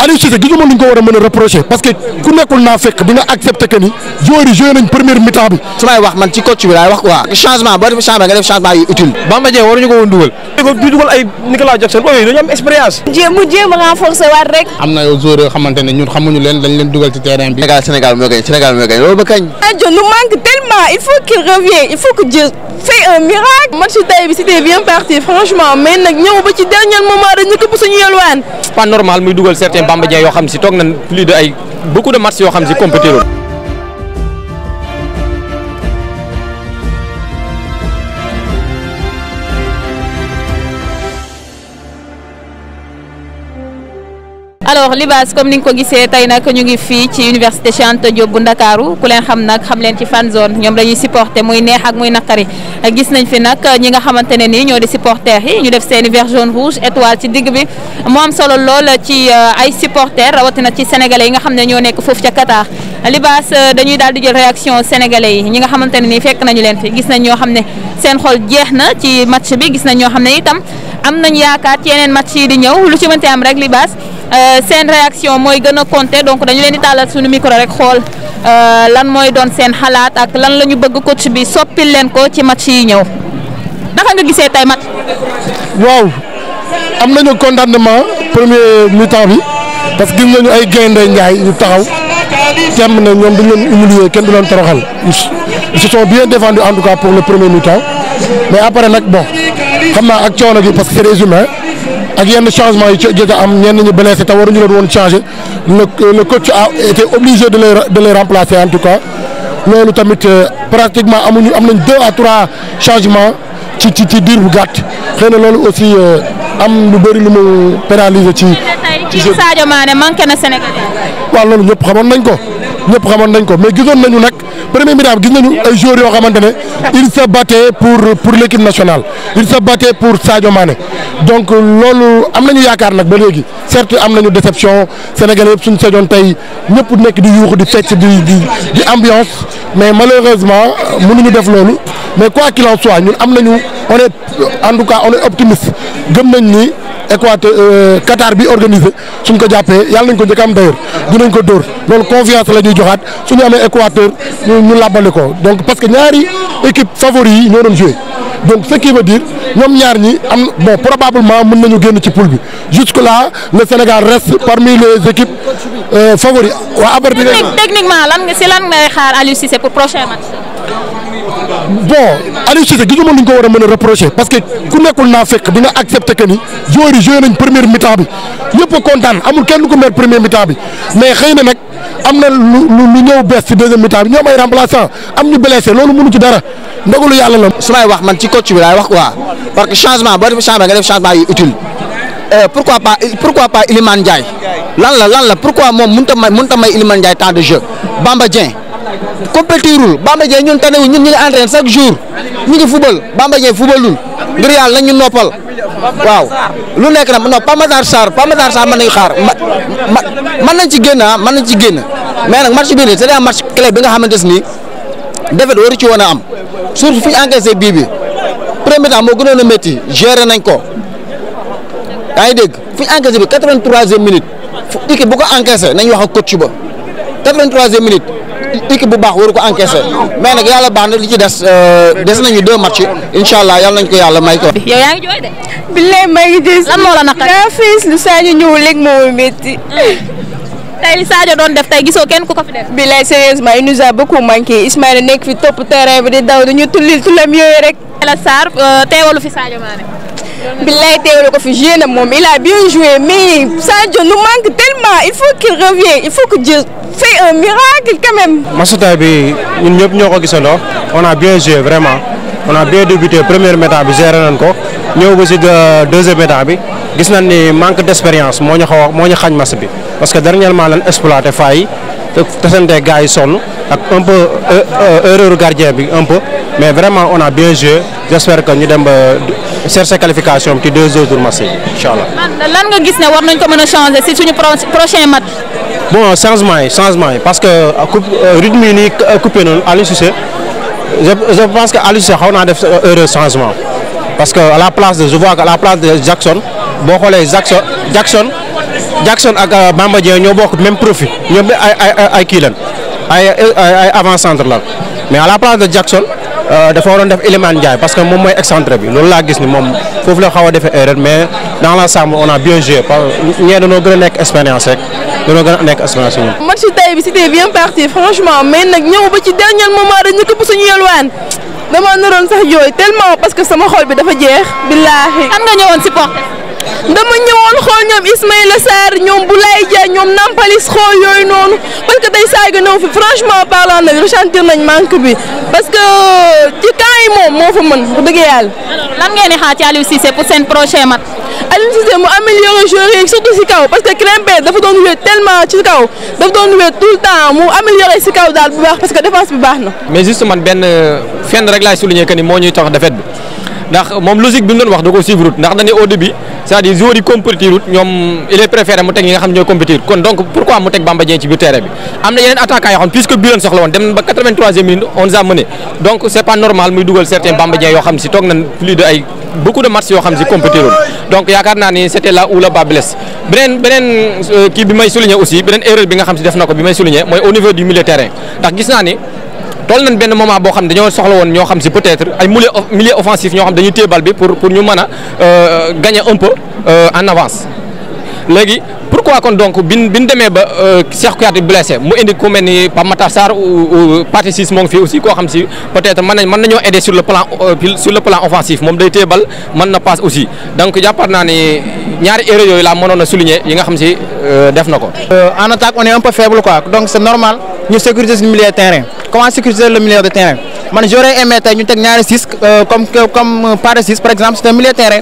Aliou Cissé gisuma lu ñu ko war a mën a reprocher parce que ku nekkul naa fekk bi nga accepté que ni joueurs yi joué nañ première mi-temps bi. su may wax man ci coach bi laay wax quoi changement boo def changement nga def changement yu utile. Bamba Dieng waruñu ko woon dugal. du dugal ay Nicolas Jackson ooy dañu am expérience. mu jéem a renforcer waat rek. am na yow joueurs yoo xamante ne ñun xamuñu leen dañ leen dugal ci terrain bi. Sénégal Sénégal moo gagné Sénégal moo gagné loolu ba kañ. rajo lu manque tellement il faut qu'il revienne il faut que Dieu c'est un miracle franchement mais nag ñëw ba ci dernier moment dañu këpp suñu yelwaan c'est pas normal muy dugal certains Bamba yoo xam si toog nañ plus de ay beaucoup de matchs yoo xam si compétition alors Libaas comme ni nga ko gisee tey nag ñu ngi fii ci université Cheikh Anta bu Ndakaaru ku leen xam nag xam leen ci fan zone ñoom dañuy supporter muy neex ak muy naqari gis nañ fi nag ñi nga xamante ne nii ñoo di supporters yi ñu def seen i vert jaune rouge étoile digg bi mu solo lool ci euh, ay supporters rawatina ci sénégalais yi nga xam ne ñoo nekk foofu ca Qatar Libaas euh, dañuy daal di jël réaction sénégalais yi ñi nga xamante ne nii fekk nañu leen fi gis nañ ñoo xam ne seen xol jeex na ci match bi gis nañ ñoo xam ne itam. am nañ yaakaar ci yeneen match yi di ñëw lu ci mënti am rek li baas euh, seen réaction mooy gën a compter donc dañu leen di tàllal suñu micro rek xool euh, lan mooy doon seen xalaat ak lan la ñu bëgg coach bi soppil leen ko ci match yi ñëw naka nga gisee tey match. waaw am nañu contentement premier mi-temps bi parce que gis nañu ay gaynde njaay yu taxaw temm na ñoom duñu leen humilier kenn du leen toroxal ils se sont bien défendus en tout cas pour le premier mi-temps mais après nag bon. xam naa ak coono gi parce que c'est des ak yenn changement yi jot a am ñenn ñu blessé te waruñu leen woon changer le le coach a été obligé de les remplacer en tout cas loolu tamit euh, pratiquement amuñu am nañ deux à trois changements ci ci ci diir bu gàtt xëy na loolu aussi euh, am lu bëri lu mu pénaliser ci. ci Sadio Mané manqué na Sénégal. waaw loolu ñëpp xamoon nañ ko. ñëpp xamoon nañ ko mais gisoon nañu nag premier mi-temps gis nañu ay joueurs yoo xamante ne il se battait pour pour l' équipe nationale il se battait pour Sadio maane donc loolu am nañu yaakaar nag ba léegi certes am nañu déception sénégalais yëpp suñu sañoon tey ñëpp nekk di yuuxu di fecc di di di ambiance mais malheureusement mënuñu def loolu. mais quoi qu'il en soit ñun am nañu on est en tout cas on est optimiste gëm nañ ni Équateur euh, Qatar bi organisé suñ ko jàppee yal nañ ko njëkk am d'ailleurs dinañ ko dóor loolu confiance la ñuy joxaat suñu amee Équateur ñu ñu làbbali ko donc parce que ñaari équipe favori yi ñoo doon joué donc ce qui veut dire ñoom ñaar ñi am bon probablement mën nañu génn ci poule bi jusque là le Sénégal reste parmi les équipes euh, favoris waa Aberdeen techniquement lan nga si lan xaar Aliou Cissé pour prochain bon Aliou Cissé gisuma luñ ko war a mën a reprocher parce que ku nekkul naa fekk di nga accepter que ni joueurs yi joué nañ première mi-temps bi ñëpp kenn ko mer première mi-temps bi mais xëy na nag am na lu lu ñëw bees ci deuxième mi-temps bi ñoom ay remplaçant am ñu blessé loolu mënu ci dara ndogalu yàlla la. su may wax man ci coach bi laay wax quoi parce que changement boo def changement nga def changement yu utile euh, pourquoi pas pourquoi pas Iliman lan la lan la pourquoi moom mënut a may a may Iliman Ndiaye temps de jeu compétirul Bamba Dieng ñun tane ñun ñu ngi entraîné chaque jour ñu ngi fubal Bamba Dieng fubalul ngir yàlla nañ ñu noppal waaw lu nekk nag non Pape Matar Sarr Pape Matar saar mën nañu xaar ma mën nañ ci génn ah mën nañ ci génn mais nag match bii nii c'est un match clé bi nga xamante ni défaite waru ci woon a am surtout fi ñu encaissé bii bi premier temps moo gënoon a métti géré nañ ko yaa ngi dégg fi ñu encaissé bi 83e minute équipe bu ko encaissé nañ wax ak coach ba 83e minute. équipe bu baax waru ko encaissé mais nag yàlla baax na li ci des euh, des nañu deux matchs incha allah yàlla nañ ko yàlla may ko. yow yaa ngi jooy de. billaay maa ngi gis. lan moo la naqari daa fiis lu Sadio ñëwul léegi moo métti. Mm. tey li Sadio doon def tey gisoo kenn ku ko fi def. billaay sérieusement il nous a beaucoup manqué Ismaïla nekk fi topp terrain bi di daw dañu tullil li yooyu rek. El Hadj Sarr euh, teewalu fi Sadio Mané. Billaay teewlu ko fi joué na moom il a bien joué mais Sadio nous manque tellement il faut qu'il revienne il faut que Dieu fait un miracle quand même. bi ñun ñëpp ñoo ko gisandoo on a bien joué vraiment on a bien débuté première mi-temps bi géré nañ ko ñëw ba si deuxième mi-temps bi gis nañ ni manque d'expérience moo ñu xaw a moo ñu xañ match bi parce que dernièrement lañ exploité failles yi te te seen gars yi sonn ak un peu euh, euh, erreur bi un mais vraiment on a bien joué j'espère que ñu dem ba chercher qualification ci deux jours du match incha allah. lan nga gis ne war nañ ko mën changer si suñu prochain match. bon changement yi changement yi parce que euh, coupe euh, rythme yi nii euh, coupé noonu Aliou Cissé je je pense que Aliou Cissé xaw naa def heureux changement parce que à la place de je vois que à la place Jackson boo xoolee Jackson Jackson Jackson ak Bamba Dieng ñoo bokk même profil ñoom ay ay ay kii ay avant centre lan mais à la place de Jackson. Euh, dafa waroon def Iliman Ndiaye parce que moom mooy excentré bi loolu laa gis ni moom foofu la xaw a defee erreur mais dans l'ensemble on a bien joué parce que ñee dañoo gën a nekk expérience rek dañoo gën a nekk expérience ñun. match tey bi c'était bien parti franchement mais nag ñëw ba ci dernier moment rek ñu këpp suñu yelwaan dama naroon sax yooyu tellement parce que sama xol bi dafa jeex. billaahi. kan nga ñëwoon supporter. dama ñëwoon xool ñoom Ismaïla Sarr ñoom Boulaye Dia ñoom Nampalis xool yooyu noonu parce que tey Sadio ñëw fi franchement parlant nag ressentir nañ manque bi parce que ci temps yi moom moo fa mën bu dëgg yàlla. alors ngeen di xaar ci Aliou Cissé pour seen prochain match. Aliou Cissé mu amélioré joueurs surtout si kaw parce que Krépin dafa doon wéet tellement ci kaw dafa doon wéet tout temps mu amélioré si kaw daal bu baax parce que défense bi moo ñuy tax défaite ndax moom logique bi mu doon wax da ko suivre route ndax dañu ne au début c'est-à-dire yi compétir ñoom il est préféré mu teg nga xam ñooy compétir kon donc pourquoi mu teg Bamba ci biir terrain bi am na yeneen attaquants yoo xam puisque bii lañ soxla woon dem ba 83e minute on nous a mené donc c'est pas normal muy dugal certains Bamba yoo xam si toog nañ plus de ay beaucoup de matchs yoo xam si compétir donc yaakaar naa ni c'était là où le bas blesse beneen euh, na ko bi toll nañ benn moment boo xam dañoo soxla woon ñoo xam si peut-être ay milieu milieu ñoo xam dañuy téye bi pour ñu mën a euh, gagner euh, en avance léegi pourquoi kon donc bi bi ñu demee ba euh, Cheikh Kouyaté blessé mu indi ku mel ni Pape Matar Sarr moo fi aussi koo xam si peut-être mën nañ mën nañoo aider sur le plan sur le plan offensif moom day téye bal mën na passe aussi donc jàppar naa ni ñaari erreurs yooyu laa mënoon a souligner yi nga xam si def na ko. en attaque on est un faible quoi donc c'est normal. ñu sécuriser suñu milieu de terrain comment sécuriser le milieu de terrain man j'aurais aimé tey ñu teg ñaari six euh, comme comme euh, pas de six par exemple c'est un milieu de terrain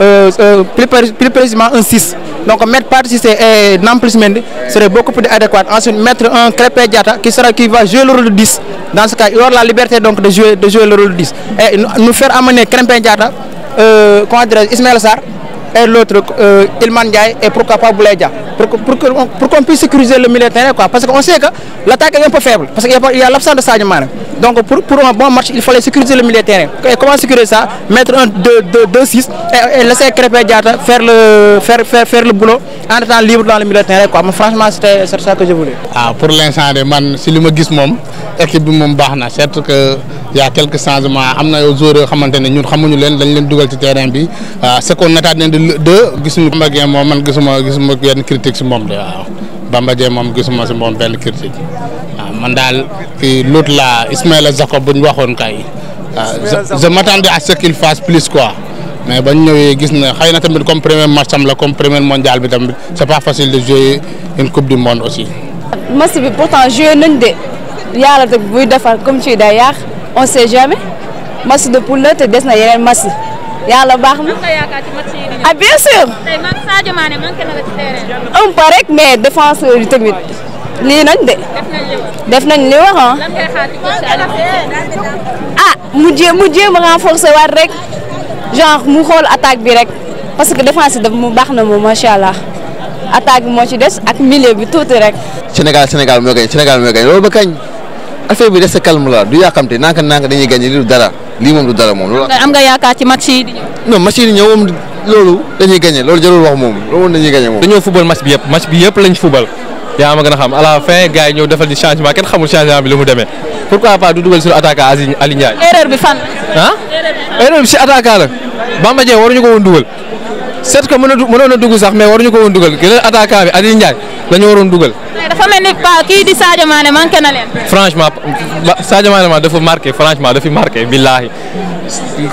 euh, plus plus un six donc mettre pas de six et Nampalys Mendy serait beaucoup plus adéquat ensuite mettre un Krépin Diatta qui qui va jouer le rôle de dans ce cas il aura la liberté donc de jouer le rôle de dix nous faire amener Krépin Diatta comment dirais-je Ismaël Sarr et l'autre euh, Ilman Ndiaye et pourquoi pas Boulay Dia pour, qu'on puisse sécuriser le milieu de terrain quoi parce qu'on sait que l'attaque est un peu faible parce qu'il y a, a l'absence donc pour, pour bon match il fallait sécuriser le milieu de terrain et comment sécuriser ça mettre un deux, deux, deux, et, et, laisser Crépé Diata faire le, faire, faire, faire libre dans le milieu de terrain quoi mais franchement c'était ça que je ah, pour l'instant de man si li ma na certes y a quelques changements am na joueurs yoo xamante ne ñun xamuñu leen dañ leen dugal ci terrain bi ah, ce qu'on attend de de gisuñu Bamba Dieng moom man gisuma moom benn critique ah, man daal kii l'autre là Jacob bu waxoon kay ah, je m'attendais à ce qu'il fasse plus quoi mais bañ ñëwee gis na xëy na tamit comme premier match am la comme premier mondial bi tamit c'est pas facile de jouer une coupe du monde aussi. match bi pourtant joué nañ de yàlla buy defar on sait jamais match de poule la te des na yeneen match yàlla baax na. ah bien sûr. tey man rek mais défenseur yi tamit lii nañ de. def nañ li wax ah. mu jéem mu jéem a renforcer waat rek genre mu xool attaque bi rek parce que défense daf mu baax na moom macha allah attaque bi moo ci des ak milieu bi tuuti rek. Sénégal Sénégal moo gën Sénégal loolu ba kañ. affaire bi des a calme la du yàkkamte nanka nanka dañuy gagné li du dara lii moom du dara moom. loolu am nga yaakaar ci match yi di ñëw. non match yi di ñëw moom loolu dañuy gagné loolu jarul wax moom loolu moom dañuy gagné moom. dañoo fubal match bi yëpp match bi yëpp lañ fubal yaa ma gën a xam à la fin gars yi ñëw defal di changement kenn xamul changement bi lu mu demee pourquoi pas du dugal suñu attaquant Aziz Ali Ndiaye. erreur bi fan. ah bi si attaquant la Bamba Dieng waruñu ko woon dugal c'est que mënoon a dugg sax mais waruñu ko woon dugal ki leen ñu waroon dugal. dafa mel ni pa kii di Sadio Mané manqué na leen. franchement Sadio Mané ma dafa marqué franchement dafa marqué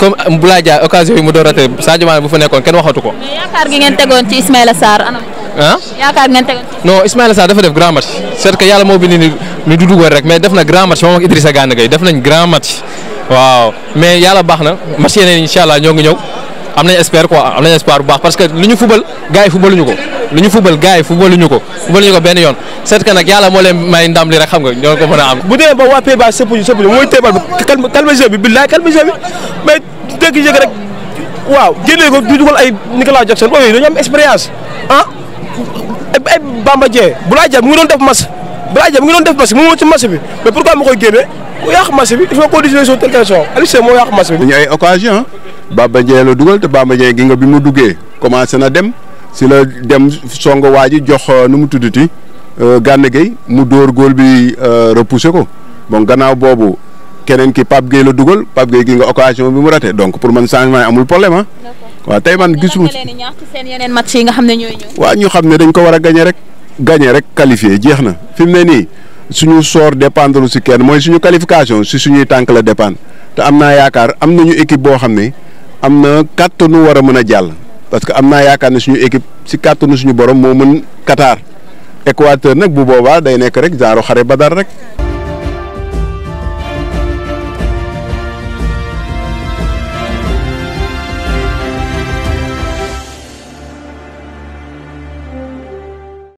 comme Boulaye Dia occasion yi mu doon raté Sadio bu fa nekkoon kenn waxatu ko. mais yaakaar gi ngeen tegoon ci Ismaïla Sarr anam. ah yaakaar ngeen tegoon ci. non Ismaïla Sarr dafa def yàlla moo bind ni ni du dugal rek mais def na grand match moom ak Idrissa Gana Gueye def nañ grand match waaw mais yàlla baax na match yeneen incha allah ñoo ngi ñëw. am nañ espoir quoi am nañ espoir bu baax parce que lu ñu fubal gars yi fubaluñu ko lu ñu fubal gars yi fubaluñu ko fubaluñu ko benn yoon c'est que nag yàlla moo leen may ndam li rek xam nga ñoo ko mën a am. bu dee ba waa PEPA sëppuñu sëppuñu mooy teebal calme calme jeu bi billaay calme jeu bi mais jékki-jékki rek waaw génnee ko du dugal ay Nicolas Jackson boobu yooyu dañu ay Bamba Dieng bu laay jàpp mu ngi doon def mas bu laay mu ngi doon def mas mu ngi woon ci mas bi ku yàq match bi il faut qu'on dise sur telle question ay occasion Bamba Dieng la dugal te Bamba Dieng gi nga bi mu duggee commencé na dem si la dem song waa ji jox euh, nu mu tuddati euh, Gana Gueye mu dóor góor bi euh, repoussé ko bon gannaaw boobu keneen ki Pape Gueye la dugal Pape Gueye gi nga occasion bi mu raté donc pour man changement yi amul problème ah. waaw tey man gisuma seen yeneen match yi nga xam ne ñooy ñu xam ne dañ ko war a gagné rek gagné rek qualifié jeex na fi mu ne nii. suñu sort dépendre si kenn mooy suñu qualification si suñuy tànk la dépendre te am naa yaakaar am nañu équipe boo xam ne am na kàttanu war a mën a jàll parce que am naa yaakaar ne suñu équipe si kàttanu suñu borom moo mën Qatar Équateur nag bu boobaa day nekk rek genre xare ba badar rek.